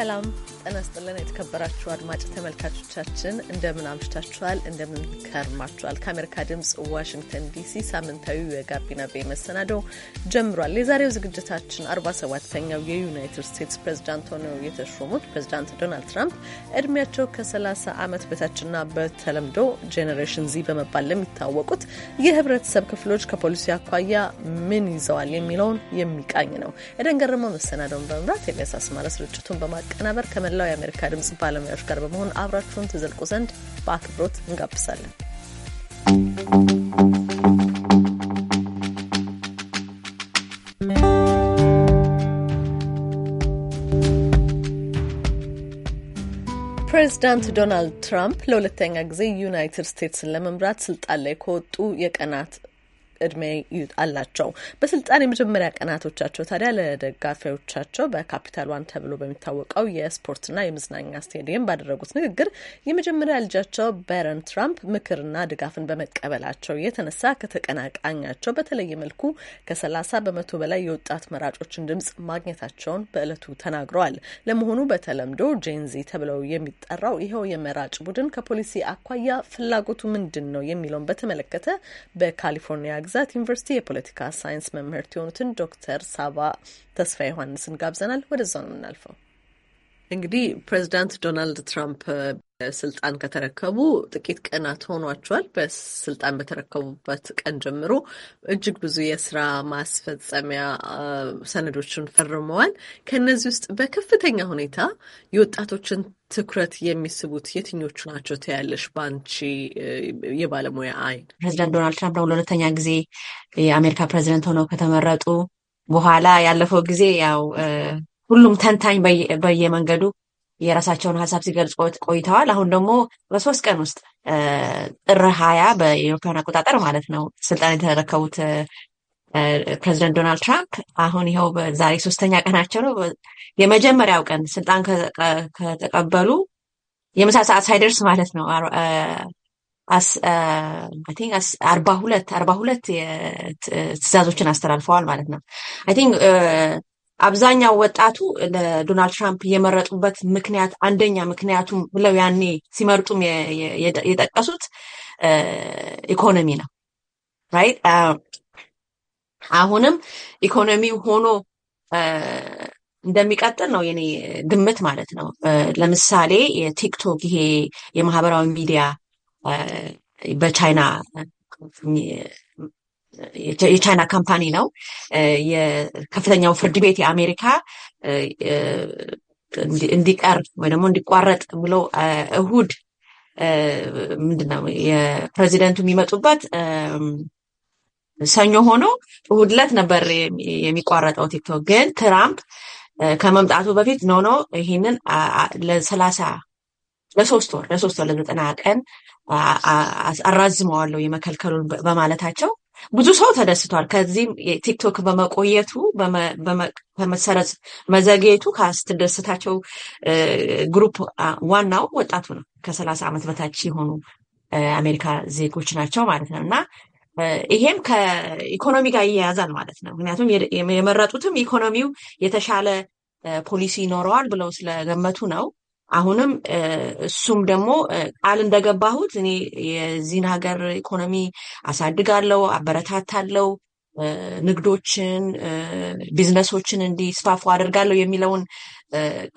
Salam. ጤና ስጥልን የተከበራችሁ አድማጭ ተመልካቾቻችን፣ እንደምን አምሽታችኋል? እንደምን ከርማችኋል? ከአሜሪካ ድምጽ ዋሽንግተን ዲሲ ሳምንታዊ የጋቢና ቤ መሰናደው ጀምሯል። የዛሬው ዝግጅታችን አርባ ሰባተኛው የዩናይትድ ስቴትስ ፕሬዝዳንት ሆነው የተሾሙት ፕሬዝዳንት ዶናልድ ትራምፕ እድሜያቸው ከ30 ዓመት በታችና በተለምዶ ጄኔሬሽን ዚ በመባል ለሚታወቁት የህብረተሰብ ክፍሎች ከፖሊሲ አኳያ ምን ይዘዋል የሚለውን የሚቃኝ ነው። የደንገረመው መሰናደውን በመምራት ኤልያስ አስማረ ስርጭቱን በማቀናበር ከመላው የአሜሪካ ድምፅ ባለሙያዎች ጋር በመሆን አብራችሁን ትዘልቁ ዘንድ በአክብሮት እንጋብዛለን። ፕሬዚዳንት ዶናልድ ትራምፕ ለሁለተኛ ጊዜ ዩናይትድ ስቴትስን ለመምራት ስልጣን ላይ ከወጡ የቀናት እድሜ አላቸው። በስልጣን የመጀመሪያ ቀናቶቻቸው ታዲያ ለደጋፊዎቻቸው በካፒታል ዋን ተብሎ በሚታወቀው የስፖርትና የመዝናኛ ስቴዲየም ባደረጉት ንግግር የመጀመሪያ ልጃቸው በረን ትራምፕ ምክርና ድጋፍን በመቀበላቸው የተነሳ ከተቀናቃኛቸው በተለየ መልኩ ከሰላሳ በመቶ በላይ የወጣት መራጮችን ድምጽ ማግኘታቸውን በእለቱ ተናግረዋል። ለመሆኑ በተለምዶ ጄንዚ ተብለው የሚጠራው ይኸው የመራጭ ቡድን ከፖሊሲ አኳያ ፍላጎቱ ምንድን ነው የሚለውን በተመለከተ በካሊፎርኒያ ግዛት ዩኒቨርሲቲ የፖለቲካ ሳይንስ መምህርት የሆኑትን ዶክተር ሳባ ተስፋ ዮሐንስን ጋብዘናል። ወደዛ ነው የምናልፈው። እንግዲህ ፕሬዚዳንት ዶናልድ ትራምፕ ስልጣን ከተረከቡ ጥቂት ቀናት ሆኗቸዋል። በስልጣን በተረከቡበት ቀን ጀምሮ እጅግ ብዙ የስራ ማስፈጸሚያ ሰነዶችን ፈርመዋል። ከእነዚህ ውስጥ በከፍተኛ ሁኔታ የወጣቶችን ትኩረት የሚስቡት የትኞቹ ናቸው ትያለሽ? በአንቺ የባለሙያ አይን ፕሬዚደንት ዶናልድ ትራምፕ ለሁለተኛ ጊዜ የአሜሪካ ፕሬዚደንት ሆነው ከተመረጡ በኋላ ያለፈው ጊዜ ያው ሁሉም ተንታኝ በየመንገዱ የራሳቸውን ሀሳብ ሲገልጹ ቆይተዋል። አሁን ደግሞ በሶስት ቀን ውስጥ ጥር ሀያ በአውሮፓውያን አቆጣጠር ማለት ነው ስልጣን የተረከቡት ፕሬዚደንት ዶናልድ ትራምፕ አሁን ይኸው ዛሬ ሶስተኛ ቀናቸው ነው። የመጀመሪያው ቀን ስልጣን ከተቀበሉ የምሳ ሰዓት ሳይደርስ ማለት ነው አርባ ሁለት አርባ ሁለት ትእዛዞችን አስተላልፈዋል ማለት ነው። አይ ቲንክ አብዛኛው ወጣቱ ለዶናልድ ትራምፕ የመረጡበት ምክንያት አንደኛ ምክንያቱም ብለው ያኔ ሲመርጡም የጠቀሱት ኢኮኖሚ ነው። ራይት አሁንም ኢኮኖሚ ሆኖ እንደሚቀጥል ነው የኔ ግምት ማለት ነው። ለምሳሌ የቲክቶክ ይሄ የማህበራዊ ሚዲያ በቻይና የቻይና ካምፓኒ ነው። የከፍተኛው ፍርድ ቤት የአሜሪካ እንዲቀር ወይ ደግሞ እንዲቋረጥ ብሎ እሁድ ምንድነው የፕሬዚደንቱ የሚመጡበት ሰኞ ሆኖ እሁድ ዕለት ነበር የሚቋረጠው። ቲክቶክ ግን ትራምፕ ከመምጣቱ በፊት ኖ ኖ ይህንን ለሰላሳ ለሶስት ወር ለሶስት ወር ለዘጠና ቀን አራዝመዋለሁ የመከልከሉን በማለታቸው ብዙ ሰው ተደስቷል። ከዚህም ቲክቶክ በመቆየቱ በመሰረዝ መዘግየቱ ከስትደስታቸው ግሩፕ ዋናው ወጣቱ ነው። ከሰላሳ ዓመት በታች የሆኑ አሜሪካ ዜጎች ናቸው ማለት ነው እና ይሄም ከኢኮኖሚ ጋር ይያያዛል ማለት ነው። ምክንያቱም የመረጡትም ኢኮኖሚው የተሻለ ፖሊሲ ይኖረዋል ብለው ስለገመቱ ነው። አሁንም እሱም ደግሞ ቃል እንደገባሁት እኔ የዚህን ሀገር ኢኮኖሚ አሳድጋለው፣ አበረታታለው፣ ንግዶችን፣ ቢዝነሶችን እንዲስፋፉ አድርጋለሁ የሚለውን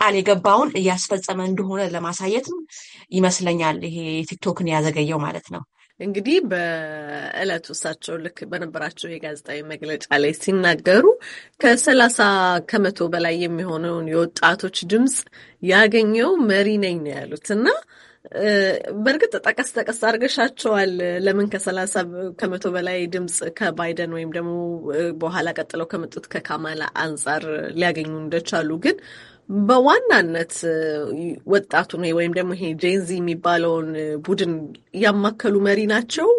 ቃል የገባውን እያስፈጸመ እንደሆነ ለማሳየትም ይመስለኛል ይሄ ቲክቶክን ያዘገየው ማለት ነው። እንግዲህ በእለቱ እሳቸው ልክ በነበራቸው የጋዜጣዊ መግለጫ ላይ ሲናገሩ ከሰላሳ ከመቶ በላይ የሚሆነውን የወጣቶች ድምፅ ያገኘው መሪ ነኝ ነው ያሉት እና በእርግጥ ጠቀስ ጠቀስ አድርገሻቸዋል። ለምን ከሰላሳ ከመቶ በላይ ድምፅ ከባይደን ወይም ደግሞ በኋላ ቀጥለው ከመጡት ከካማላ አንጻር ሊያገኙ እንደቻሉ ግን በዋናነት ወጣቱን ወይም ደግሞ ይሄ ጄንዚ የሚባለውን ቡድን ያማከሉ መሪ ናቸው።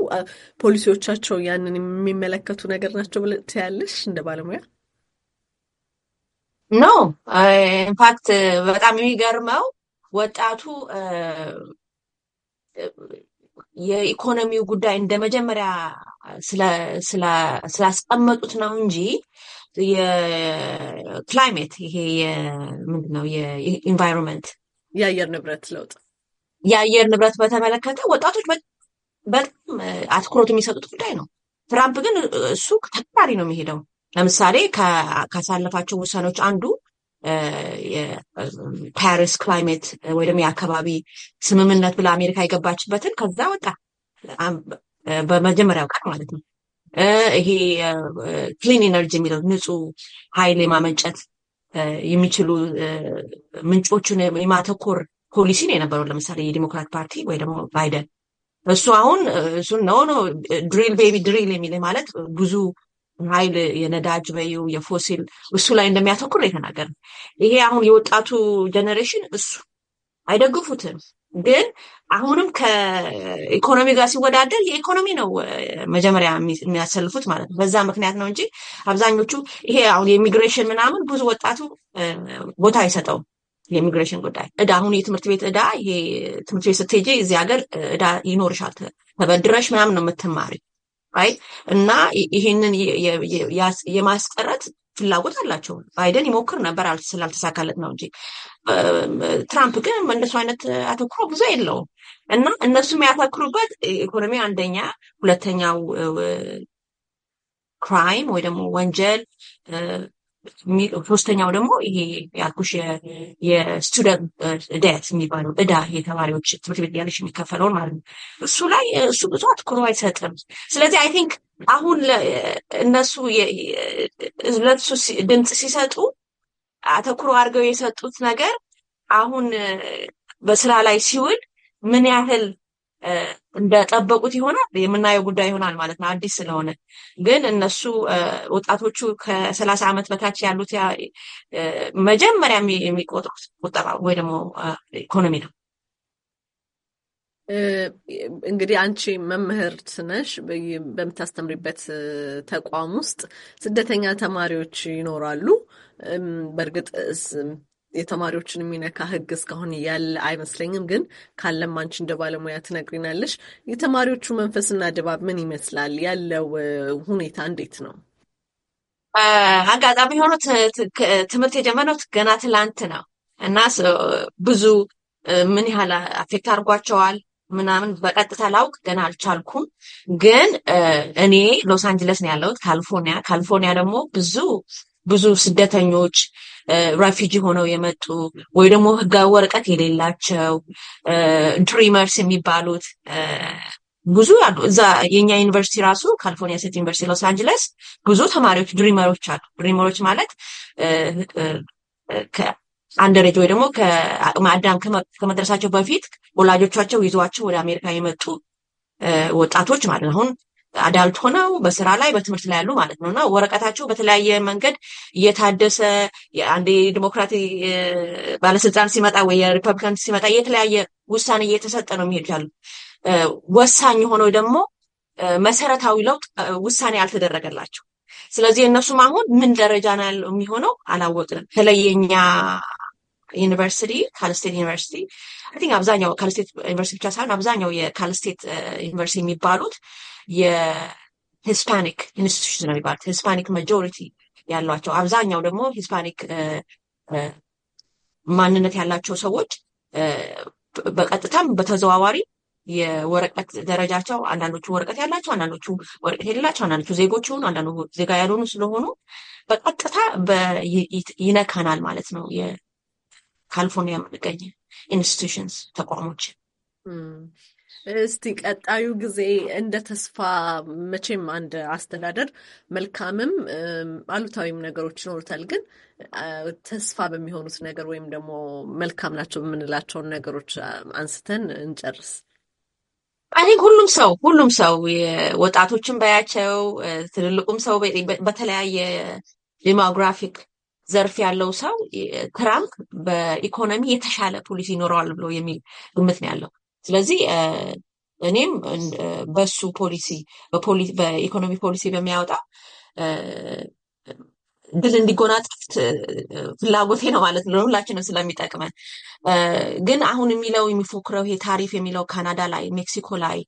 ፖሊሲዎቻቸው ያንን የሚመለከቱ ነገር ናቸው ብለሽ ትያለሽ እንደ ባለሙያ? ኖ ኢንፋክት በጣም የሚገርመው ወጣቱ የኢኮኖሚው ጉዳይ እንደ መጀመሪያ ስላስቀመጡት ነው እንጂ የክላይሜት ይሄ ምንድነው የኢንቫይሮንመንት የአየር ንብረት ለውጥ የአየር ንብረት በተመለከተ ወጣቶች በጣም አትኩሮት የሚሰጡት ጉዳይ ነው። ትራምፕ ግን እሱ ተቃራኒ ነው የሚሄደው። ለምሳሌ ካሳለፋቸው ውሳኔዎች አንዱ ፓሪስ ክላይሜት ወይ ደግሞ የአካባቢ ስምምነት ብላ አሜሪካ የገባችበትን ከዛ ወጣ በመጀመሪያው ቀን ማለት ነው። ይሄ ክሊን ኤነርጂ የሚለው ንጹህ ኃይል የማመንጨት የሚችሉ ምንጮቹን የማተኮር ፖሊሲ ነው የነበረው። ለምሳሌ የዲሞክራት ፓርቲ ወይ ደግሞ ባይደን እሱ አሁን እሱን ነው ድሪል ቤቢ ድሪል የሚል ማለት ብዙ ኃይል የነዳጅ በዩ የፎሲል እሱ ላይ እንደሚያተኩር የተናገር ይሄ አሁን የወጣቱ ጀኔሬሽን እሱ አይደግፉትም። ግን አሁንም ከኢኮኖሚ ጋር ሲወዳደር የኢኮኖሚ ነው መጀመሪያ የሚያሰልፉት ማለት ነው። በዛ ምክንያት ነው እንጂ አብዛኞቹ ይሄ አሁን የኢሚግሬሽን ምናምን ብዙ ወጣቱ ቦታ አይሰጠውም። የኢሚግሬሽን ጉዳይ እዳ፣ አሁን የትምህርት ቤት እዳ፣ ይሄ ትምህርት ቤት ስትሄጂ እዚህ ሀገር እዳ ይኖርሻል ተበድረሽ ምናምን ነው የምትማሪ ራይት እና ይህንን የማስቀረት ፍላጎት አላቸው። ባይደን ይሞክር ነበር ስላልተሳካለት ነው እንጂ ትራምፕ ግን እነሱ አይነት አተኩሮ ብዙ የለውም እና እነሱ የሚያተኩሩበት ኢኮኖሚ አንደኛ፣ ሁለተኛው ክራይም ወይ ደግሞ ወንጀል ሶስተኛው ደግሞ ይሄ ያልኩሽ የስቱደንት ደት የሚባለው እዳ የተማሪዎች ትምህርት ቤት ያለሽ የሚከፈለውን ማለት ነው። እሱ ላይ እሱ ብዙ አትኩሮ አይሰጥም። ስለዚህ አይ ቲንክ አሁን እነሱ ለሱ ድምፅ ሲሰጡ አተኩሮ አድርገው የሰጡት ነገር አሁን በስራ ላይ ሲውል ምን ያህል እንደጠበቁት ይሆናል የምናየው ጉዳይ ይሆናል ማለት ነው። አዲስ ስለሆነ ግን እነሱ ወጣቶቹ ከሰላሳ ዓመት በታች ያሉት መጀመሪያ የሚቆጥሩት ቁጠባ ወይ ደግሞ ኢኮኖሚ ነው። እንግዲህ አንቺ መምህርት ነሽ። በምታስተምሪበት ተቋም ውስጥ ስደተኛ ተማሪዎች ይኖራሉ። በእርግጥ የተማሪዎችን የሚነካ ህግ እስካሁን ያለ አይመስለኝም። ግን ካለም አንቺ እንደ ባለሙያ ትነግሪናለሽ። የተማሪዎቹ መንፈስና ድባብ ምን ይመስላል? ያለው ሁኔታ እንዴት ነው? አጋጣሚ ሆኖ ትምህርት የጀመረው ገና ትላንት ነው እና ብዙ ምን ያህል አፌክት አድርጓቸዋል ምናምን በቀጥታ ላውቅ ገና አልቻልኩም። ግን እኔ ሎስ አንጅለስ ነው ያለሁት ካሊፎርኒያ። ካሊፎርኒያ ደግሞ ብዙ ብዙ ስደተኞች ራፊጂ ሆነው የመጡ ወይ ደግሞ ህጋዊ ወረቀት የሌላቸው ድሪመርስ የሚባሉት ብዙ አሉ። እዛ የኛ ዩኒቨርሲቲ ራሱ ካሊፎርኒያ ሴት ዩኒቨርሲቲ ሎስ አንጅለስ ብዙ ተማሪዎች ድሪመሮች አሉ። ድሪመሮች ማለት አንደሬጅ ወይ ደግሞ ከአቅመ አዳም ከመድረሳቸው በፊት ወላጆቻቸው ይዘዋቸው ወደ አሜሪካ የመጡ ወጣቶች ማለት አሁን አዳልት ሆነው በስራ ላይ በትምህርት ላይ ያሉ ማለት ነው እና ወረቀታቸው በተለያየ መንገድ እየታደሰ አንድ ዲሞክራቲ ባለስልጣን ሲመጣ ወይ የሪፐብሊካን ሲመጣ የተለያየ ውሳኔ እየተሰጠ ነው የሚሄዱ ያሉ ወሳኝ ሆነው ደግሞ መሰረታዊ ለውጥ ውሳኔ አልተደረገላቸው። ስለዚህ እነሱም አሁን ምን ደረጃ ነው ያለው የሚሆነው አላወቅንም። ተለየኛ ዩኒቨርሲቲ ካልስቴት ዩኒቨርሲቲ አይ ቲንክ አብዛኛው ካልስቴት ዩኒቨርሲቲ ብቻ ሳይሆን አብዛኛው የካልስቴት ዩኒቨርሲቲ የሚባሉት የሂስፓኒክ ኢንስቲቱሽን ነው የሚባሉት። ሂስፓኒክ ማጆሪቲ ያሏቸው አብዛኛው ደግሞ ሂስፓኒክ ማንነት ያላቸው ሰዎች በቀጥታም በተዘዋዋሪ የወረቀት ደረጃቸው አንዳንዶቹ ወረቀት ያላቸው፣ አንዳንዶቹ ወረቀት የሌላቸው፣ አንዳንዶቹ ዜጎች ሆኑ፣ አንዳንዱ ዜጋ ያልሆኑ ስለሆኑ በቀጥታ ይነካናል ማለት ነው። የካሊፎርኒያ የምንገኝ ኢንስቲቱሽንስ ተቋሞች እስቲ ቀጣዩ ጊዜ እንደ ተስፋ መቼም አንድ አስተዳደር መልካምም አሉታዊም ነገሮች ይኖሩታል። ግን ተስፋ በሚሆኑት ነገር ወይም ደግሞ መልካም ናቸው የምንላቸውን ነገሮች አንስተን እንጨርስ። አይ ሁሉም ሰው ሁሉም ሰው ወጣቶችን በያቸው ትልልቁም ሰው በተለያየ ዲሞግራፊክ ዘርፍ ያለው ሰው ትራምፕ በኢኮኖሚ የተሻለ ፖሊሲ ይኖረዋል ብሎ የሚል ግምት ነው ያለው። ስለዚህ እኔም በሱ ፖሊሲ በኢኮኖሚ ፖሊሲ በሚያወጣ ድል እንዲጎናጸፍ ፍላጎቴ ነው ማለት ነው። ሁላችንም ስለሚጠቅመን ግን አሁን የሚለው የሚፎክረው ይሄ ታሪፍ የሚለው ካናዳ ላይ፣ ሜክሲኮ ላይ፣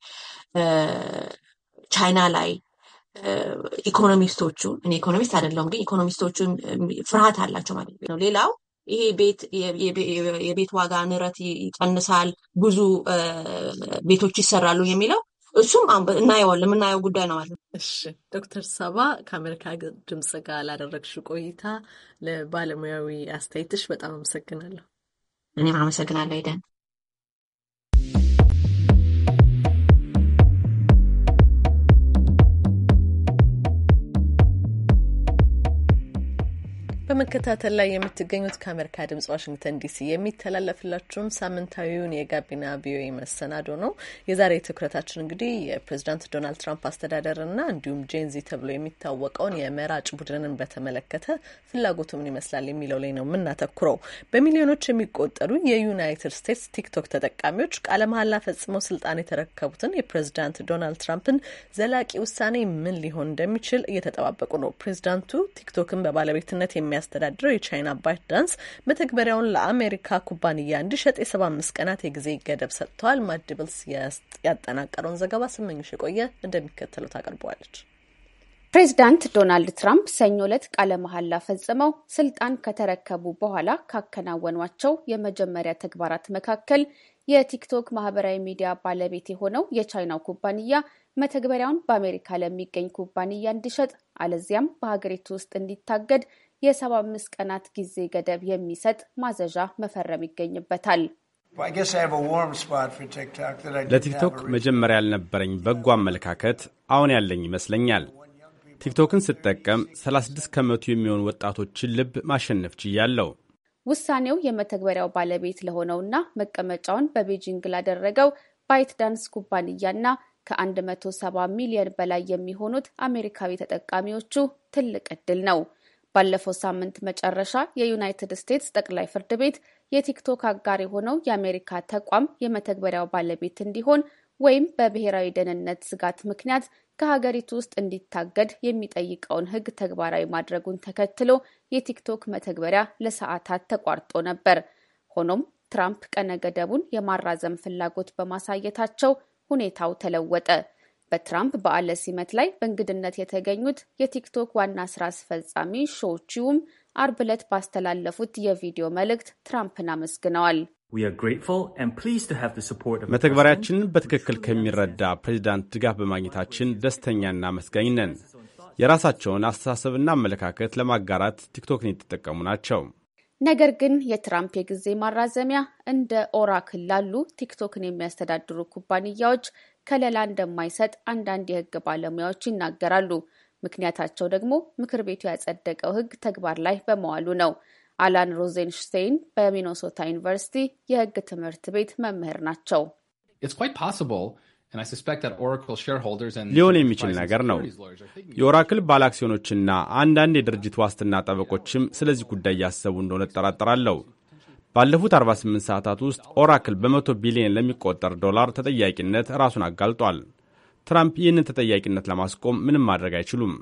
ቻይና ላይ ኢኮኖሚስቶቹ እኔ ኢኮኖሚስት አይደለሁም፣ ግን ኢኮኖሚስቶቹ ፍርሃት አላቸው ማለት ነው። ሌላው ይሄ ቤት የቤት ዋጋ ንረት ይቀንሳል፣ ብዙ ቤቶች ይሰራሉ የሚለው እሱም እናየዋለን የምናየው ጉዳይ ነው። እሺ ዶክተር ሰባ ከአሜሪካ ድምፅ ጋር ላደረግሽው ቆይታ ለባለሙያዊ አስተያየትሽ በጣም አመሰግናለሁ። እኔም አመሰግናለሁ ይደን በመከታተል ላይ የምትገኙት ከአሜሪካ ድምጽ ዋሽንግተን ዲሲ የሚተላለፍላችሁም ሳምንታዊውን የጋቢና ቪኦኤ መሰናዶ ነው። የዛሬ ትኩረታችን እንግዲህ የፕሬዚዳንት ዶናልድ ትራምፕ አስተዳደርና እንዲሁም ጄንዚ ተብሎ የሚታወቀውን የመራጭ ቡድንን በተመለከተ ፍላጎቱ ምን ይመስላል የሚለው ላይ ነው የምናተኩረው። በሚሊዮኖች የሚቆጠሩ የዩናይትድ ስቴትስ ቲክቶክ ተጠቃሚዎች ቃለ መሀላ ፈጽመው ስልጣን የተረከቡትን የፕሬዚዳንት ዶናልድ ትራምፕን ዘላቂ ውሳኔ ምን ሊሆን እንደሚችል እየተጠባበቁ ነው። ፕሬዚዳንቱ ቲክቶክን በባለቤትነት የሚያ የሚያስተዳድረው የቻይና ዳንስ መተግበሪያውን ለአሜሪካ ኩባንያ እንዲሸጥ የሰባ አምስት ቀናት የጊዜ ገደብ ሰጥተዋል። ማድብልስ ያጠናቀረውን ዘገባ ስመኝሽ የቆየ እንደሚከተለው ታቀርበዋለች። ፕሬዚዳንት ዶናልድ ትራምፕ ሰኞ ዕለት ቃለ መሐላ ፈጽመው ስልጣን ከተረከቡ በኋላ ካከናወኗቸው የመጀመሪያ ተግባራት መካከል የቲክቶክ ማህበራዊ ሚዲያ ባለቤት የሆነው የቻይናው ኩባንያ መተግበሪያውን በአሜሪካ ለሚገኝ ኩባንያ እንዲሸጥ አለዚያም በሀገሪቱ ውስጥ እንዲታገድ የሰባ አምስት ቀናት ጊዜ ገደብ የሚሰጥ ማዘዣ መፈረም ይገኝበታል። ለቲክቶክ መጀመሪያ ያልነበረኝ በጎ አመለካከት አሁን ያለኝ ይመስለኛል። ቲክቶክን ስጠቀም 36 ከመቶ የሚሆኑ ወጣቶችን ልብ ማሸነፍ ችያለሁ። ውሳኔው የመተግበሪያው ባለቤት ለሆነውና መቀመጫውን በቤጂንግ ላደረገው ባይት ዳንስ ኩባንያና ከ170 ሚሊዮን በላይ የሚሆኑት አሜሪካዊ ተጠቃሚዎቹ ትልቅ ዕድል ነው። ባለፈው ሳምንት መጨረሻ የዩናይትድ ስቴትስ ጠቅላይ ፍርድ ቤት የቲክቶክ አጋር የሆነው የአሜሪካ ተቋም የመተግበሪያው ባለቤት እንዲሆን ወይም በብሔራዊ ደህንነት ስጋት ምክንያት ከሀገሪቱ ውስጥ እንዲታገድ የሚጠይቀውን ሕግ ተግባራዊ ማድረጉን ተከትሎ የቲክቶክ መተግበሪያ ለሰዓታት ተቋርጦ ነበር። ሆኖም ትራምፕ ቀነ ገደቡን የማራዘም ፍላጎት በማሳየታቸው ሁኔታው ተለወጠ። በትራምፕ በዓለ ሲመት ላይ በእንግድነት የተገኙት የቲክቶክ ዋና ስራ አስፈጻሚ ሾው አርብ ዕለት ባስተላለፉት የቪዲዮ መልእክት ትራምፕን አመስግነዋል። መተግበሪያችንን በትክክል ከሚረዳ ፕሬዚዳንት ድጋፍ በማግኘታችን ደስተኛና አመስጋኝ ነን። የራሳቸውን አስተሳሰብና አመለካከት ለማጋራት ቲክቶክን የተጠቀሙ ናቸው። ነገር ግን የትራምፕ የጊዜ ማራዘሚያ እንደ ኦራክል ላሉ ቲክቶክን የሚያስተዳድሩ ኩባንያዎች ከለላ እንደማይሰጥ አንዳንድ የህግ ባለሙያዎች ይናገራሉ። ምክንያታቸው ደግሞ ምክር ቤቱ ያጸደቀው ህግ ተግባር ላይ በመዋሉ ነው። አላን ሮዜንሽቴይን በሚኖሶታ ዩኒቨርሲቲ የህግ ትምህርት ቤት መምህር ናቸው። ሊሆን የሚችል ነገር ነው። የኦራክል ባለአክሲዮኖችና አንዳንድ የድርጅት ዋስትና ጠበቆችም ስለዚህ ጉዳይ እያሰቡ እንደሆነ እጠራጠራለሁ። ባለፉት 48 ሰዓታት ውስጥ ኦራክል በመቶ ቢሊዮን ለሚቆጠር ዶላር ተጠያቂነት ራሱን አጋልጧል። ትራምፕ ይህንን ተጠያቂነት ለማስቆም ምንም ማድረግ አይችሉም።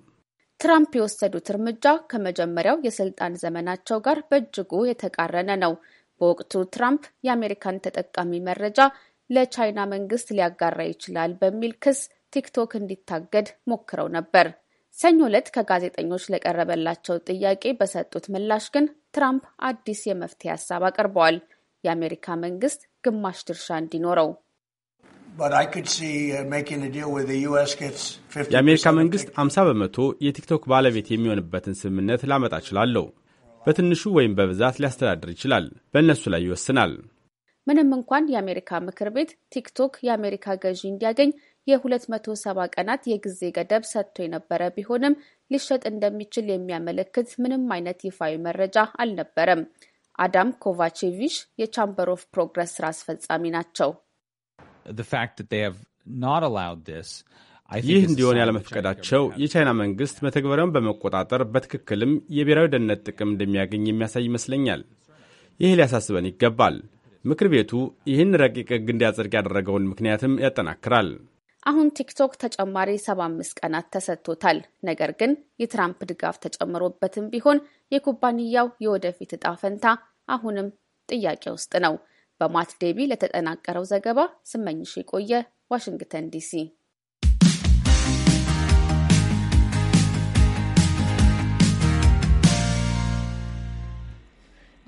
ትራምፕ የወሰዱት እርምጃ ከመጀመሪያው የስልጣን ዘመናቸው ጋር በእጅጉ የተቃረነ ነው። በወቅቱ ትራምፕ የአሜሪካን ተጠቃሚ መረጃ ለቻይና መንግስት ሊያጋራ ይችላል በሚል ክስ ቲክቶክ እንዲታገድ ሞክረው ነበር። ሰኞ ዕለት ከጋዜጠኞች ለቀረበላቸው ጥያቄ በሰጡት ምላሽ ግን ትራምፕ አዲስ የመፍትሄ ሀሳብ አቅርበዋል። የአሜሪካ መንግስት ግማሽ ድርሻ እንዲኖረው የአሜሪካ መንግስት 50 በመቶ የቲክቶክ ባለቤት የሚሆንበትን ስምምነት ላመጣ እችላለሁ። በትንሹ ወይም በብዛት ሊያስተዳድር ይችላል። በእነሱ ላይ ይወስናል። ምንም እንኳን የአሜሪካ ምክር ቤት ቲክቶክ የአሜሪካ ገዢ እንዲያገኝ የ270 ቀናት የጊዜ ገደብ ሰጥቶ የነበረ ቢሆንም ሊሸጥ እንደሚችል የሚያመለክት ምንም አይነት ይፋዊ መረጃ አልነበረም። አዳም ኮቫቼቪሽ የቻምበር ኦፍ ፕሮግረስ ስራ አስፈጻሚ ናቸው። ይህ እንዲሆን ያለመፍቀዳቸው የቻይና መንግስት መተግበሪያውን በመቆጣጠር በትክክልም የብሔራዊ ደህንነት ጥቅም እንደሚያገኝ የሚያሳይ ይመስለኛል። ይህ ሊያሳስበን ይገባል። ምክር ቤቱ ይህን ረቂቅ ሕግ እንዲያጸድቅ ያደረገውን ምክንያትም ያጠናክራል። አሁን ቲክቶክ ተጨማሪ 75 ቀናት ተሰጥቶታል። ነገር ግን የትራምፕ ድጋፍ ተጨምሮበትም ቢሆን የኩባንያው የወደፊት እጣ ፈንታ አሁንም ጥያቄ ውስጥ ነው። በማት ዴቢ ለተጠናቀረው ዘገባ ስመኝሽ የቆየ ዋሽንግተን ዲሲ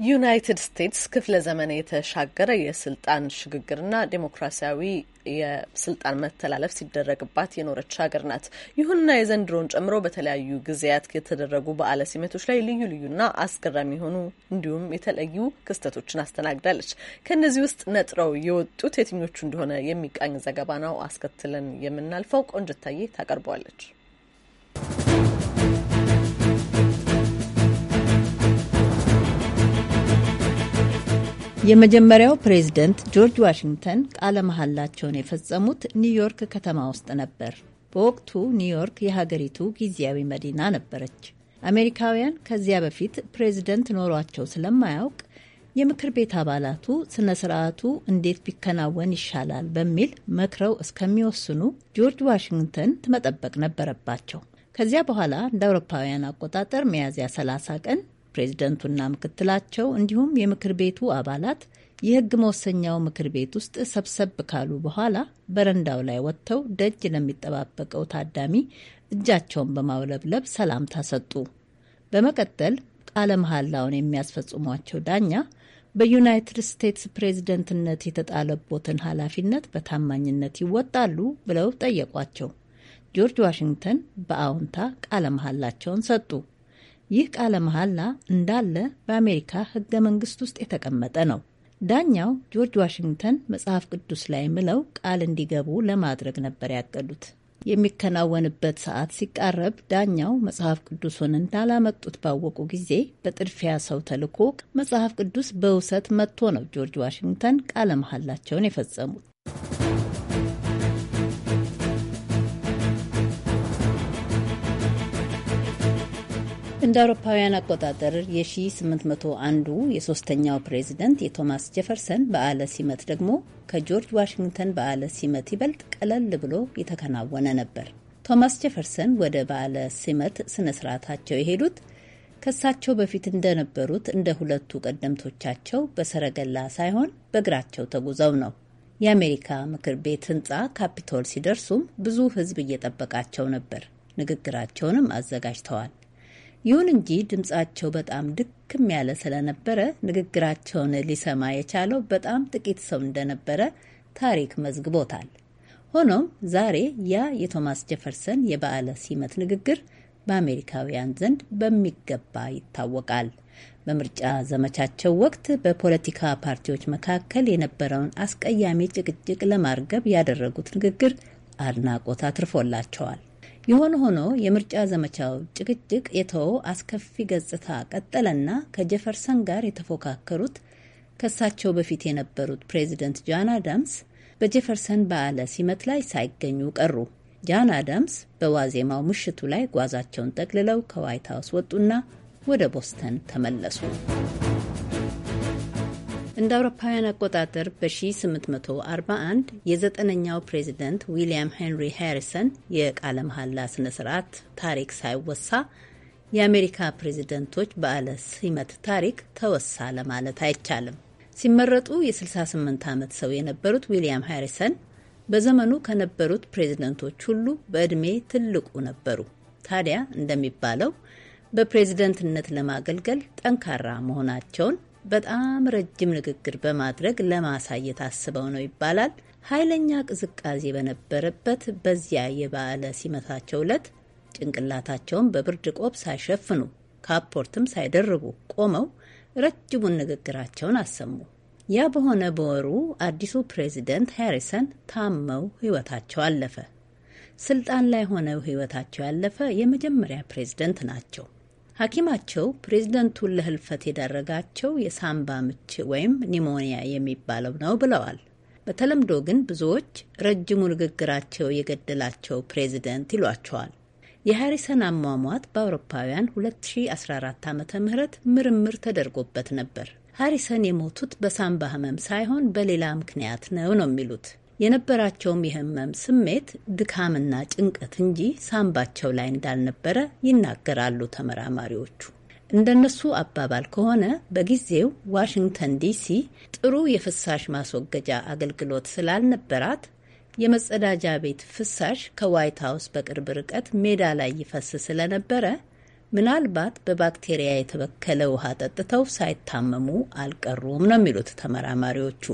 ዩናይትድ ስቴትስ ክፍለ ዘመን የተሻገረ የስልጣን ሽግግርና ዴሞክራሲያዊ የስልጣን መተላለፍ ሲደረግባት የኖረች ሀገር ናት። ይሁንና የዘንድሮን ጨምሮ በተለያዩ ጊዜያት የተደረጉ በዓለ ሲመቶች ላይ ልዩ ልዩና አስገራሚ የሆኑ እንዲሁም የተለዩ ክስተቶችን አስተናግዳለች። ከእነዚህ ውስጥ ነጥረው የወጡት የትኞቹ እንደሆነ የሚቃኝ ዘገባ ነው አስከትለን የምናልፈው። ቆንጅታዬ ታቀርበዋለች። የመጀመሪያው ፕሬዝደንት ጆርጅ ዋሽንግተን ቃለ መሐላቸውን የፈጸሙት ኒውዮርክ ከተማ ውስጥ ነበር። በወቅቱ ኒውዮርክ የሀገሪቱ ጊዜያዊ መዲና ነበረች። አሜሪካውያን ከዚያ በፊት ፕሬዝደንት ኖሯቸው ስለማያውቅ የምክር ቤት አባላቱ ስነ ስርዓቱ እንዴት ቢከናወን ይሻላል በሚል መክረው እስከሚወስኑ ጆርጅ ዋሽንግተን መጠበቅ ነበረባቸው። ከዚያ በኋላ እንደ አውሮፓውያን አቆጣጠር ሚያዝያ 30 ቀን ፕሬዝደንቱና ምክትላቸው እንዲሁም የምክር ቤቱ አባላት የህግ መወሰኛው ምክር ቤት ውስጥ ሰብሰብ ካሉ በኋላ በረንዳው ላይ ወጥተው ደጅ ለሚጠባበቀው ታዳሚ እጃቸውን በማውለብለብ ሰላምታ ሰጡ። በመቀጠል ቃለ መሐላውን የሚያስፈጽሟቸው ዳኛ በዩናይትድ ስቴትስ ፕሬዝደንትነት የተጣለቦትን ኃላፊነት በታማኝነት ይወጣሉ ብለው ጠየቋቸው። ጆርጅ ዋሽንግተን በአዎንታ ቃለ መሐላቸውን ሰጡ። ይህ ቃለ መሐላ እንዳለ በአሜሪካ ህገ መንግስት ውስጥ የተቀመጠ ነው። ዳኛው ጆርጅ ዋሽንግተን መጽሐፍ ቅዱስ ላይ ምለው ቃል እንዲገቡ ለማድረግ ነበር ያቀዱት። የሚከናወንበት ሰዓት ሲቃረብ ዳኛው መጽሐፍ ቅዱሱን እንዳላመጡት ባወቁ ጊዜ በጥድፊያ ሰው ተልኮ መጽሐፍ ቅዱስ በውሰት መጥቶ ነው ጆርጅ ዋሽንግተን ቃለ መሐላቸውን የፈጸሙት። እንደ አውሮፓውያን አቆጣጠር የ1801ዱ የሶስተኛው ፕሬዚደንት የቶማስ ጄፈርሰን በዓለ ሲመት ደግሞ ከጆርጅ ዋሽንግተን በዓለ ሲመት ይበልጥ ቀለል ብሎ የተከናወነ ነበር። ቶማስ ጄፈርሰን ወደ በዓለ ሲመት ስነ ስርዓታቸው የሄዱት ከሳቸው በፊት እንደነበሩት እንደ ሁለቱ ቀደምቶቻቸው በሰረገላ ሳይሆን በእግራቸው ተጉዘው ነው። የአሜሪካ ምክር ቤት ህንፃ ካፒቶል ሲደርሱም ብዙ ህዝብ እየጠበቃቸው ነበር። ንግግራቸውንም አዘጋጅተዋል። ይሁን እንጂ ድምጻቸው በጣም ድክም ያለ ስለነበረ ንግግራቸውን ሊሰማ የቻለው በጣም ጥቂት ሰው እንደነበረ ታሪክ መዝግቦታል። ሆኖም ዛሬ ያ የቶማስ ጀፈርሰን የበዓለ ሲመት ንግግር በአሜሪካውያን ዘንድ በሚገባ ይታወቃል። በምርጫ ዘመቻቸው ወቅት በፖለቲካ ፓርቲዎች መካከል የነበረውን አስቀያሚ ጭቅጭቅ ለማርገብ ያደረጉት ንግግር አድናቆት አትርፎላቸዋል። የሆነ ሆኖ የምርጫ ዘመቻው ጭቅጭቅ የተወ አስከፊ ገጽታ ቀጠለና ከጀፈርሰን ጋር የተፎካከሩት ከሳቸው በፊት የነበሩት ፕሬዚደንት ጃን አዳምስ በጄፈርሰን በዓለ ሲመት ላይ ሳይገኙ ቀሩ። ጃን አዳምስ በዋዜማው ምሽቱ ላይ ጓዛቸውን ጠቅልለው ከዋይት ሀውስ ወጡና ወደ ቦስተን ተመለሱ። እንደ አውሮፓውያን አቆጣጠር በ1841 የዘጠነኛው ፕሬዚደንት ዊልያም ሄንሪ ሃሪሰን የቃለ መሐላ ስነ ስርዓት ታሪክ ሳይወሳ የአሜሪካ ፕሬዚደንቶች በዓለ ሲመት ታሪክ ተወሳ ለማለት አይቻልም። ሲመረጡ የ68 ዓመት ሰው የነበሩት ዊልያም ሃሪሰን በዘመኑ ከነበሩት ፕሬዝደንቶች ሁሉ በዕድሜ ትልቁ ነበሩ። ታዲያ እንደሚባለው በፕሬዝደንትነት ለማገልገል ጠንካራ መሆናቸውን በጣም ረጅም ንግግር በማድረግ ለማሳየት አስበው ነው ይባላል። ኃይለኛ ቅዝቃዜ በነበረበት በዚያ የበዓለ ሲመታቸው ዕለት ጭንቅላታቸውን በብርድ ቆብ ሳይሸፍኑ ካፖርትም ሳይደርቡ ቆመው ረጅሙን ንግግራቸውን አሰሙ። ያ በሆነ በወሩ አዲሱ ፕሬዚደንት ሃሪሰን ታመው ሕይወታቸው አለፈ። ስልጣን ላይ ሆነው ሕይወታቸው ያለፈ የመጀመሪያ ፕሬዝደንት ናቸው። ሐኪማቸው ፕሬዝደንቱን ለህልፈት የዳረጋቸው የሳምባ ምች ወይም ኒሞኒያ የሚባለው ነው ብለዋል። በተለምዶ ግን ብዙዎች ረጅሙ ንግግራቸው የገደላቸው ፕሬዝደንት ይሏቸዋል። የሃሪሰን አሟሟት በአውሮፓውያን 2014 ዓ ም ምርምር ተደርጎበት ነበር። ሃሪሰን የሞቱት በሳምባ ህመም ሳይሆን በሌላ ምክንያት ነው ነው የሚሉት የነበራቸውም የህመም ስሜት ድካምና ጭንቀት እንጂ ሳምባቸው ላይ እንዳልነበረ ይናገራሉ ተመራማሪዎቹ። እንደነሱ አባባል ከሆነ በጊዜው ዋሽንግተን ዲሲ ጥሩ የፍሳሽ ማስወገጃ አገልግሎት ስላልነበራት የመጸዳጃ ቤት ፍሳሽ ከዋይት ሀውስ በቅርብ ርቀት ሜዳ ላይ ይፈስ ስለነበረ ምናልባት በባክቴሪያ የተበከለ ውሃ ጠጥተው ሳይታመሙ አልቀሩም ነው የሚሉት ተመራማሪዎቹ።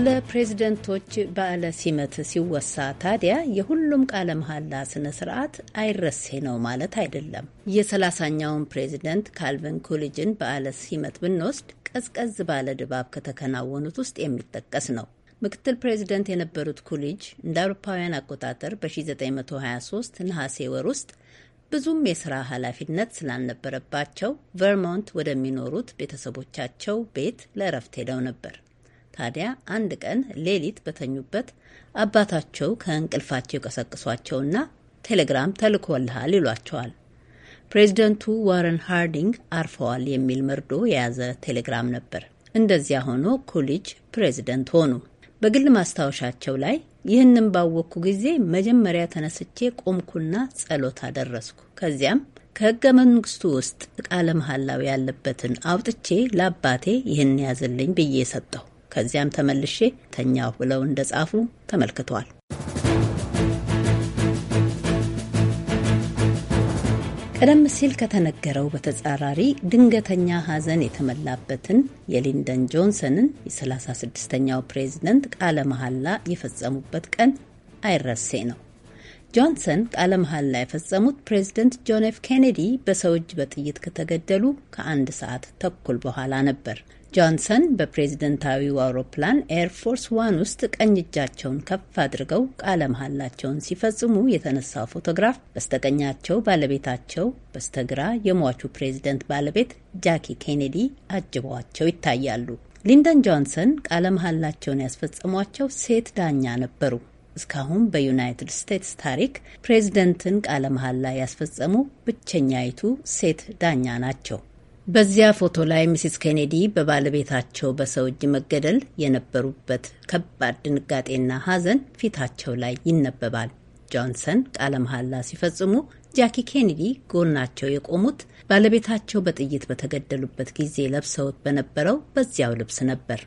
ስለ ፕሬዝደንቶች በዓለ ሲመት ሲወሳ ታዲያ የሁሉም ቃለ መሐላ ስነ ስርዓት አይረሴ ነው ማለት አይደለም። የሰላሳኛውን ፕሬዝደንት ካልቪን ኮሊጅን በዓለ ሲመት ብንወስድ ቀዝቀዝ ባለ ድባብ ከተከናወኑት ውስጥ የሚጠቀስ ነው። ምክትል ፕሬዝደንት የነበሩት ኩሊጅ እንደ አውሮፓውያን አቆጣጠር በ1923 ነሐሴ ወር ውስጥ ብዙም የስራ ኃላፊነት ስላልነበረባቸው ቨርሞንት ወደሚኖሩት ቤተሰቦቻቸው ቤት ለእረፍት ሄደው ነበር። ታዲያ አንድ ቀን ሌሊት በተኙበት አባታቸው ከእንቅልፋቸው የቀሰቅሷቸውና ቴሌግራም ተልኮልሃል ይሏቸዋል። ፕሬዚደንቱ ዋረን ሃርዲንግ አርፈዋል የሚል መርዶ የያዘ ቴሌግራም ነበር። እንደዚያ ሆኖ ኮሊጅ ፕሬዚደንት ሆኑ። በግል ማስታወሻቸው ላይ ይህንም ባወቅኩ ጊዜ መጀመሪያ ተነስቼ ቆምኩና ጸሎት አደረስኩ። ከዚያም ከህገ መንግስቱ ውስጥ ቃለ መሐላው ያለበትን አውጥቼ ለአባቴ ይህን ያዝልኝ ብዬ ሰጠሁ። ከዚያም ተመልሼ ተኛሁ ብለው እንደጻፉ ተመልክቷል። ቀደም ሲል ከተነገረው በተጻራሪ ድንገተኛ ሐዘን የተመላበትን የሊንደን ጆንሰንን የ36ኛው ፕሬዝደንት ቃለ መሐላ የፈጸሙበት ቀን አይረሴ ነው። ጆንሰን ቃለ መሐላ የፈጸሙት ፕሬዝደንት ጆን ኤፍ ኬኔዲ በሰው እጅ በጥይት ከተገደሉ ከአንድ ሰዓት ተኩል በኋላ ነበር። ጆንሰን በፕሬዝደንታዊው አውሮፕላን ኤርፎርስ ዋን ውስጥ ቀኝ እጃቸውን ከፍ አድርገው ቃለ መሐላቸውን ሲፈጽሙ የተነሳው ፎቶግራፍ በስተቀኛቸው ባለቤታቸው፣ በስተግራ የሟቹ ፕሬዝደንት ባለቤት ጃኪ ኬኔዲ አጅበዋቸው ይታያሉ። ሊንደን ጆንሰን ቃለ መሐላቸውን ያስፈጸሟቸው ሴት ዳኛ ነበሩ። እስካሁን በዩናይትድ ስቴትስ ታሪክ ፕሬዝደንትን ቃለ መሐላ ያስፈጸሙ ብቸኛይቱ ሴት ዳኛ ናቸው። በዚያ ፎቶ ላይ ሚስስ ኬኔዲ በባለቤታቸው በሰው እጅ መገደል የነበሩበት ከባድ ድንጋጤና ሐዘን ፊታቸው ላይ ይነበባል። ጆንሰን ቃለ መሐላ ሲፈጽሙ ጃኪ ኬኔዲ ጎናቸው የቆሙት ባለቤታቸው በጥይት በተገደሉበት ጊዜ ለብሰውት በነበረው በዚያው ልብስ ነበር።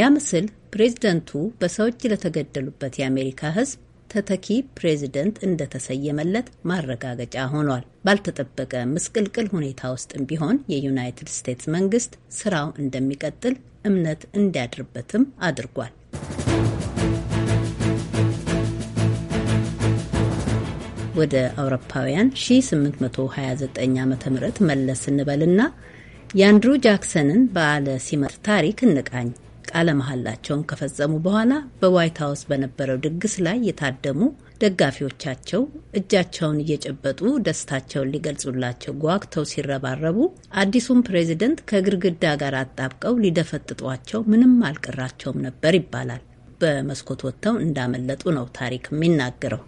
ያ ምስል ፕሬዝደንቱ በሰው እጅ ለተገደሉበት የአሜሪካ ሕዝብ ተተኪ ፕሬዚደንት እንደተሰየመለት ማረጋገጫ ሆኗል። ባልተጠበቀ ምስቅልቅል ሁኔታ ውስጥም ቢሆን የዩናይትድ ስቴትስ መንግስት ስራው እንደሚቀጥል እምነት እንዲያድርበትም አድርጓል። ወደ አውሮፓውያን 1829 ዓ ም መለስ እንበልና የአንድሩ ጃክሰንን በዓለ ሲመት ታሪክ እንቃኝ። ቃለ መሐላቸውን ከፈጸሙ በኋላ በዋይት ሀውስ በነበረው ድግስ ላይ የታደሙ ደጋፊዎቻቸው እጃቸውን እየጨበጡ ደስታቸውን ሊገልጹላቸው ጓግተው ሲረባረቡ አዲሱን ፕሬዚደንት ከግድግዳ ጋር አጣብቀው ሊደፈጥጧቸው ምንም አልቀራቸውም ነበር ይባላል። በመስኮት ወጥተው እንዳመለጡ ነው ታሪክ የሚናገረው።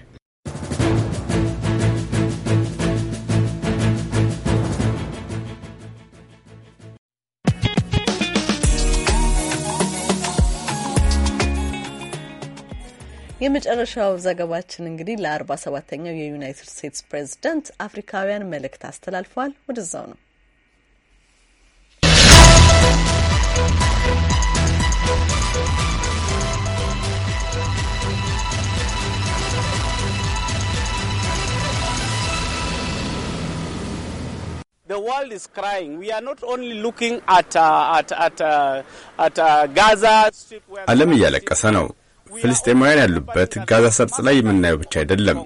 የመጨረሻው ዘገባችን እንግዲህ ለአርባ ሰባተኛው የዩናይትድ ስቴትስ ፕሬዝደንት አፍሪካውያን መልእክት አስተላልፈዋል። ወደዛው ነው። The world is crying. We are not only looking at, uh, at, at, uh, at uh, Gaza. ዓለም እያለቀሰ ነው ፍልስጤማውያን ያሉበት ጋዛ ሰርጽ ላይ የምናየው ብቻ አይደለም።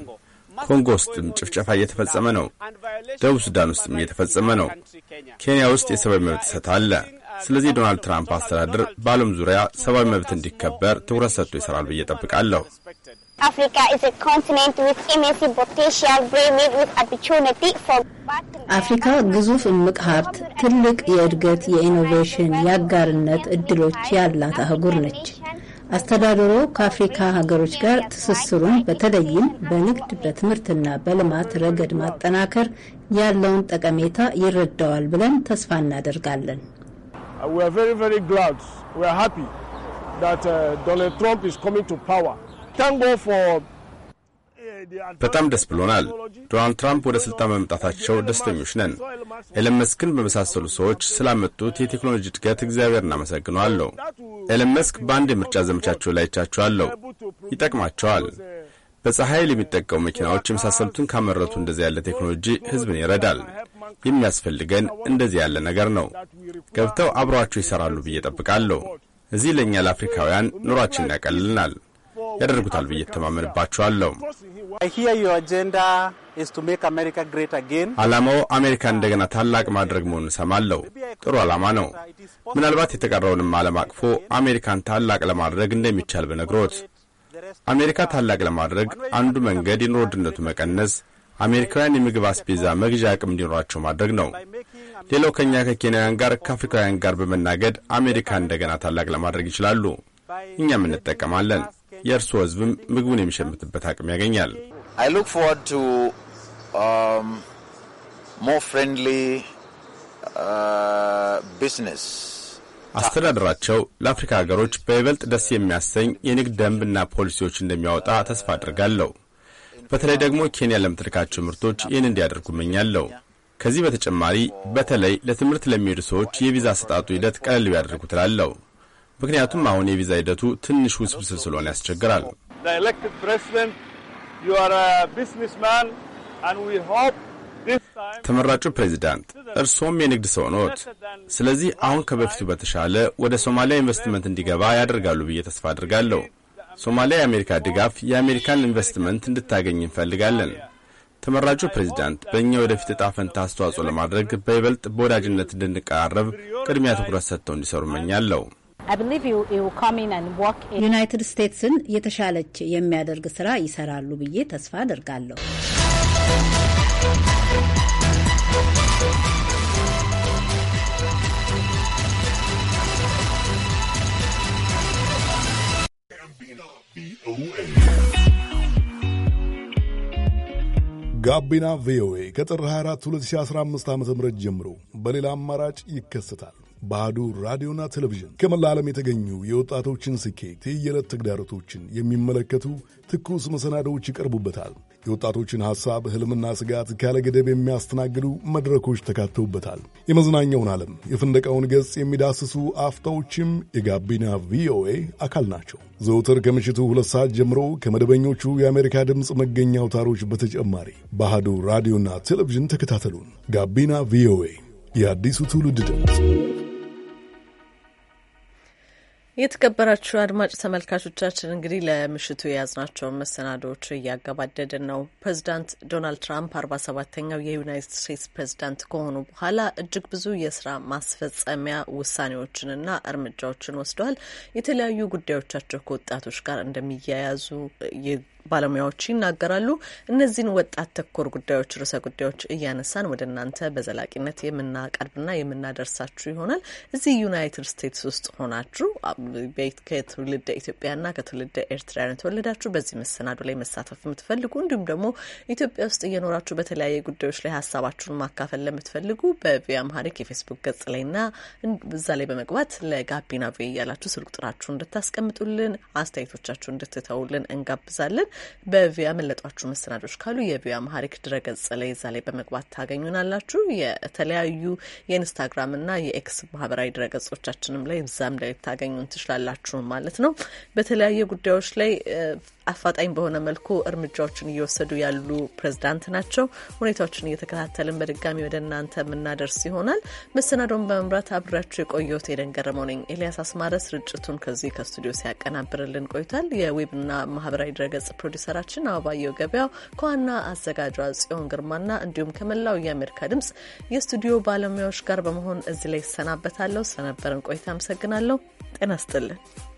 ኮንጎ ውስጥም ጭፍጨፋ እየተፈጸመ ነው። ደቡብ ሱዳን ውስጥም እየተፈጸመ ነው። ኬንያ ውስጥ የሰብአዊ መብት ጥሰት አለ። ስለዚህ ዶናልድ ትራምፕ አስተዳደር በዓለም ዙሪያ ሰብአዊ መብት እንዲከበር ትኩረት ሰጥቶ ይሠራል ብዬ ጠብቃለሁ። አፍሪካ ግዙፍ እምቅ ሀብት፣ ትልቅ የእድገት የኢኖቬሽን፣ የአጋርነት እድሎች ያላት አህጉር ነች። አስተዳደሩ ከአፍሪካ ሀገሮች ጋር ትስስሩን በተለይም በንግድ በትምህርትና በልማት ረገድ ማጠናከር ያለውን ጠቀሜታ ይረዳዋል ብለን ተስፋ እናደርጋለን። ዶናልድ ትራምፕ በጣም ደስ ብሎናል። ዶናልድ ትራምፕ ወደ ስልጣን በመምጣታቸው ደስተኞች ነን። ኤለን መስክን በመሳሰሉ ሰዎች ስላመጡት የቴክኖሎጂ እድገት እግዚአብሔር እናመሰግነዋለሁ። ኤለን መስክ በአንድ የምርጫ ዘመቻቸው ላይ ይቻችኋለሁ፣ ይጠቅማቸዋል። በፀሐይ የሚጠቀሙ መኪናዎች የመሳሰሉትን ካመረቱ እንደዚህ ያለ ቴክኖሎጂ ህዝብን ይረዳል። የሚያስፈልገን እንደዚህ ያለ ነገር ነው። ገብተው አብረዋቸው ይሰራሉ ብዬ ጠብቃለሁ። እዚህ ለእኛ ለአፍሪካውያን ኑሯችንን ያቀልልናል፣ ያደርጉታል ብዬ ተማመንባቸዋለሁ። ዓላማው አሜሪካ እንደገና ታላቅ ማድረግ መሆኑን እሰማለሁ። ጥሩ ዓላማ ነው። ምናልባት የተቀረውንም ዓለም አቅፎ አሜሪካን ታላቅ ለማድረግ እንደሚቻል ብነግሮት፣ አሜሪካ ታላቅ ለማድረግ አንዱ መንገድ የኑሮ ውድነቱ መቀነስ፣ አሜሪካውያን የምግብ አስቤዛ መግዣ አቅም እንዲኖራቸው ማድረግ ነው። ሌላው ከእኛ ከኬንያውያን ጋር ከአፍሪካውያን ጋር በመናገድ አሜሪካ እንደገና ታላቅ ለማድረግ ይችላሉ። እኛም እንጠቀማለን። የእርስዎ ሕዝብም ምግቡን የሚሸምትበት አቅም ያገኛል። um, uh, አስተዳደራቸው ለአፍሪካ ሀገሮች በይበልጥ ደስ የሚያሰኝ የንግድ ደንብና ፖሊሲዎች እንደሚያወጣ ተስፋ አድርጋለሁ። በተለይ ደግሞ ኬንያ ለምትልካቸው ምርቶች ይህን እንዲያደርጉ እመኛለሁ። ከዚህ በተጨማሪ በተለይ ለትምህርት ለሚሄዱ ሰዎች የቪዛ አሰጣጡ ሂደት ቀለል ቢያደርጉ ትላለሁ። ምክንያቱም አሁን የቪዛ ሂደቱ ትንሽ ውስብስብ ስለሆነ ያስቸግራል። ተመራጩ ፕሬዚዳንት እርሶም የንግድ ሰው ኖት። ስለዚህ አሁን ከበፊቱ በተሻለ ወደ ሶማሊያ ኢንቨስትመንት እንዲገባ ያደርጋሉ ብዬ ተስፋ አድርጋለሁ። ሶማሊያ የአሜሪካ ድጋፍ የአሜሪካን ኢንቨስትመንት እንድታገኝ እንፈልጋለን። ተመራጩ ፕሬዚዳንት በእኛ ወደፊት ዕጣ ፈንታ አስተዋጽኦ ለማድረግ በይበልጥ በወዳጅነት እንድንቀራረብ ቅድሚያ ትኩረት ሰጥተው እንዲሰሩ እመኛለሁ። ዩናይትድ ስቴትስን የተሻለች የሚያደርግ ስራ ይሰራሉ ብዬ ተስፋ አደርጋለሁ። ጋቢና ቪኦኤ ከጥር 24 2015 ዓ ም ጀምሮ በሌላ አማራጭ ይከሰታል። ባህዱ ራዲዮና ቴሌቪዥን ከመላ ዓለም የተገኙ የወጣቶችን ስኬት፣ የየዕለት ተግዳሮቶችን የሚመለከቱ ትኩስ መሰናዶዎች ይቀርቡበታል። የወጣቶችን ሐሳብ፣ ሕልምና ስጋት ካለገደብ የሚያስተናግዱ መድረኮች ተካተውበታል። የመዝናኛውን ዓለም፣ የፍንደቃውን ገጽ የሚዳስሱ አፍታዎችም የጋቢና ቪኦኤ አካል ናቸው። ዘውትር ከምሽቱ ሁለት ሰዓት ጀምሮ ከመደበኞቹ የአሜሪካ ድምፅ መገኛ አውታሮች በተጨማሪ ባህዱ ራዲዮና ቴሌቪዥን ተከታተሉን። ጋቢና ቪኦኤ የአዲሱ ትውልድ ድምፅ የተከበራችሁ አድማጭ ተመልካቾቻችን እንግዲህ ለምሽቱ የያዝናቸውን መሰናዶዎች እያገባደድን ነው። ፕሬዚዳንት ዶናልድ ትራምፕ አርባ ሰባተኛው የዩናይትድ ስቴትስ ፕሬዚዳንት ከሆኑ በኋላ እጅግ ብዙ የስራ ማስፈጸሚያ ውሳኔዎችንና እርምጃዎችን ወስደዋል። የተለያዩ ጉዳዮቻቸው ከወጣቶች ጋር እንደሚያያዙ ባለሙያዎች ይናገራሉ። እነዚህን ወጣት ተኮር ጉዳዮች፣ ርዕሰ ጉዳዮች እያነሳን ወደ እናንተ በዘላቂነት የምናቀርብና የምናደርሳችሁ ይሆናል። እዚህ ዩናይትድ ስቴትስ ውስጥ ሆናችሁ ከትውልደ ኢትዮጵያና ከትውልደ ኤርትራውያን የተወለዳችሁ በዚህ መሰናዶ ላይ መሳተፍ የምትፈልጉ እንዲሁም ደግሞ ኢትዮጵያ ውስጥ እየኖራችሁ በተለያየ ጉዳዮች ላይ ሀሳባችሁን ማካፈል ለምትፈልጉ በቪኦኤ አምሃሪክ የፌስቡክ ገጽ ላይና እዛ ላይ በመግባት ለጋቢና ቪ እያላችሁ ስልክ ቁጥራችሁ እንድታስቀምጡልን አስተያየቶቻችሁ እንድትተውልን እንጋብዛለን። በቪያ ያመለጧችሁ መሰናዶች ካሉ የቪ አማሪክ ድረገጽ ላይ እዛ ላይ በመግባት ታገኙናላችሁ። የተለያዩ የኢንስታግራምና የኤክስ ማህበራዊ ድረገጾቻችንም ላይ እዛም ላይ ታገኙን ትችላላችሁ ማለት ነው። በተለያየ ጉዳዮች ላይ አፋጣኝ በሆነ መልኩ እርምጃዎችን እየወሰዱ ያሉ ፕሬዝዳንት ናቸው። ሁኔታዎችን እየተከታተልን በድጋሚ ወደ እናንተ የምናደርስ ይሆናል። መሰናዶን በመምራት አብራችሁ የቆየሁት ኤደን ገረመው ነኝ። ኤልያስ አስማረ ስርጭቱን ከዚህ ከስቱዲዮ ሲያቀናብርልን ቆይቷል። የዌብና ማህበራዊ ድረገጽ ፕሮዲሰራችን አበባየው ገበያው ከዋና አዘጋጇ ጽዮን ግርማና እንዲሁም ከመላው የአሜሪካ ድምጽ የስቱዲዮ ባለሙያዎች ጋር በመሆን እዚህ ላይ ይሰናበታለሁ። ስለነበረን ቆይታ አመሰግናለሁ። ጤና ስጥልን።